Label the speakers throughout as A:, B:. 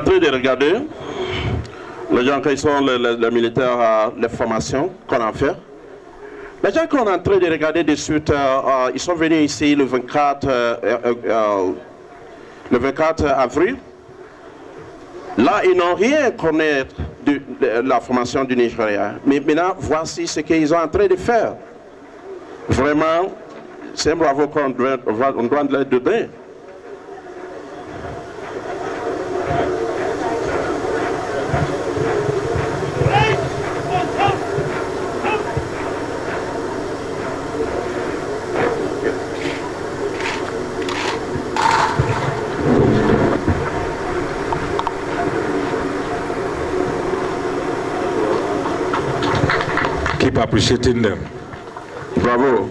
A: Euh, en train de regarder les gens qui sont les, militaires, les formations qu'on a fait. Les gens qu'on est en train de regarder de suite, euh, euh, ils sont venus ici le 24, le 24 avril. Là, ils n'ont rien connaître de, la formation du Nigeria. Mais maintenant, voici ce qu'ils sont en train de faire. Vraiment, c'est un bravo qu'on doit, on doit leur donner. Keep appreciating them. Bravo.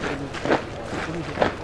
A: 그래서 어,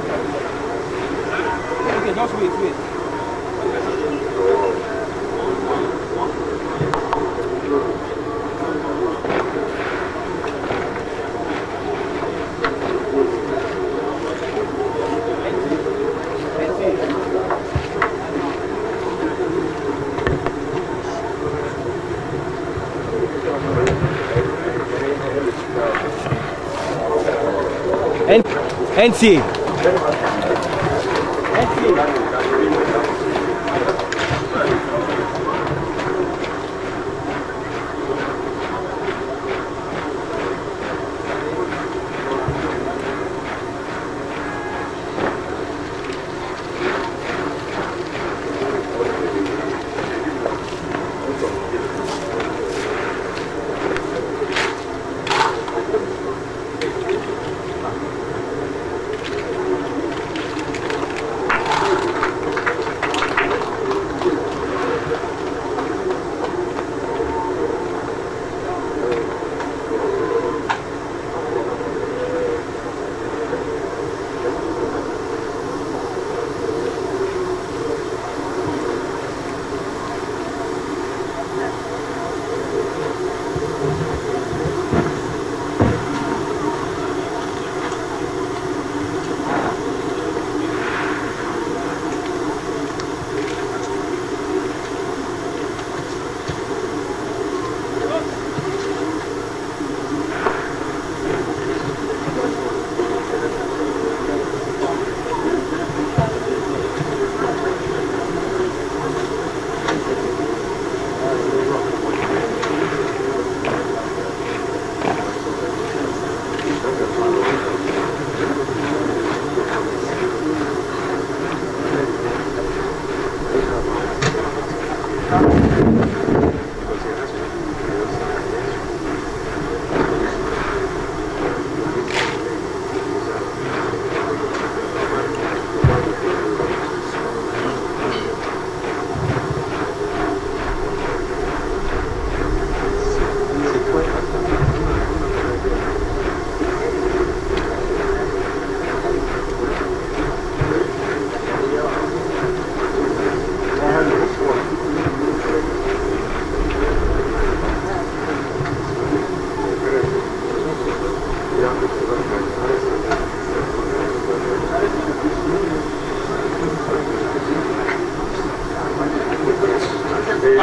A: contact. Okay, just wait, wait. NCA. Thank you.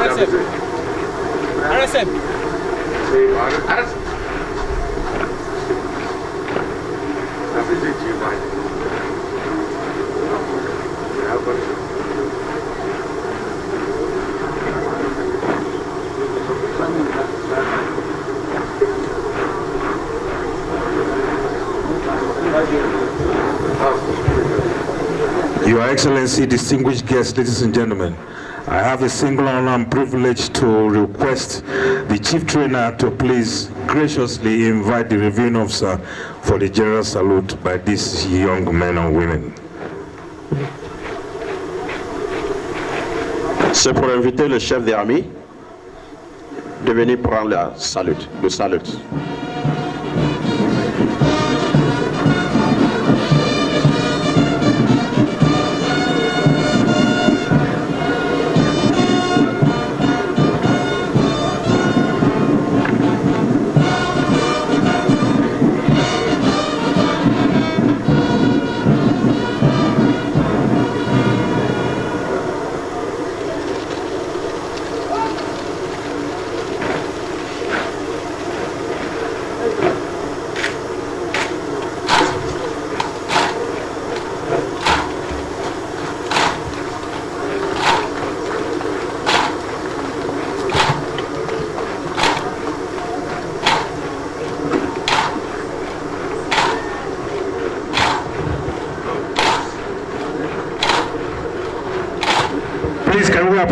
A: RSM. RSM. Your Excellency, distinguished guests, ladies and gentlemen. I have a single honor and privilege to request the chief trainer to please graciously invite the reviewing officer for the general salute by these young men and women. C'est pour inviter le chef de l'armée de venir prendre la salute, le salute.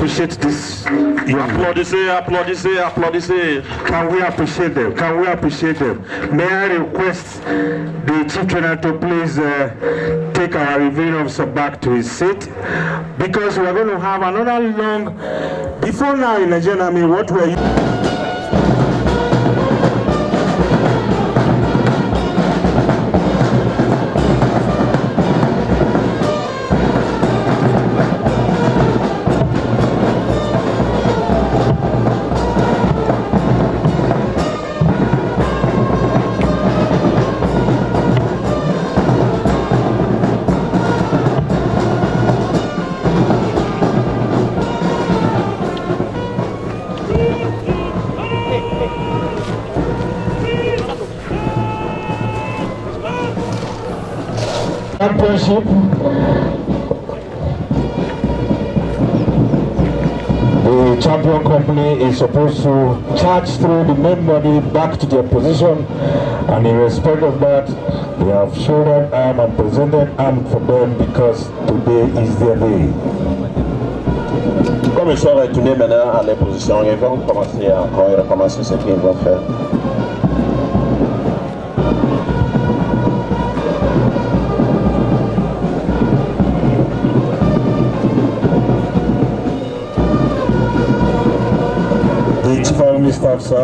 A: appreciate this young Applaudissez, applaudissez, applaudissez. Can we appreciate them? Can we appreciate them? May I request the chief trainer to please uh, take our revealing officer back to his seat because we are going to have another long. Before now in Nigerian Army, what were you? championship. The champion company is supposed to charge through the main body back to their position and in respect of that they have shouldered arm and presented arm for them because today is their day. Comme ils sont retournés maintenant à les positions, ils vont commencer à quand encore recommencer ce qu'ils vont faire. disfarçar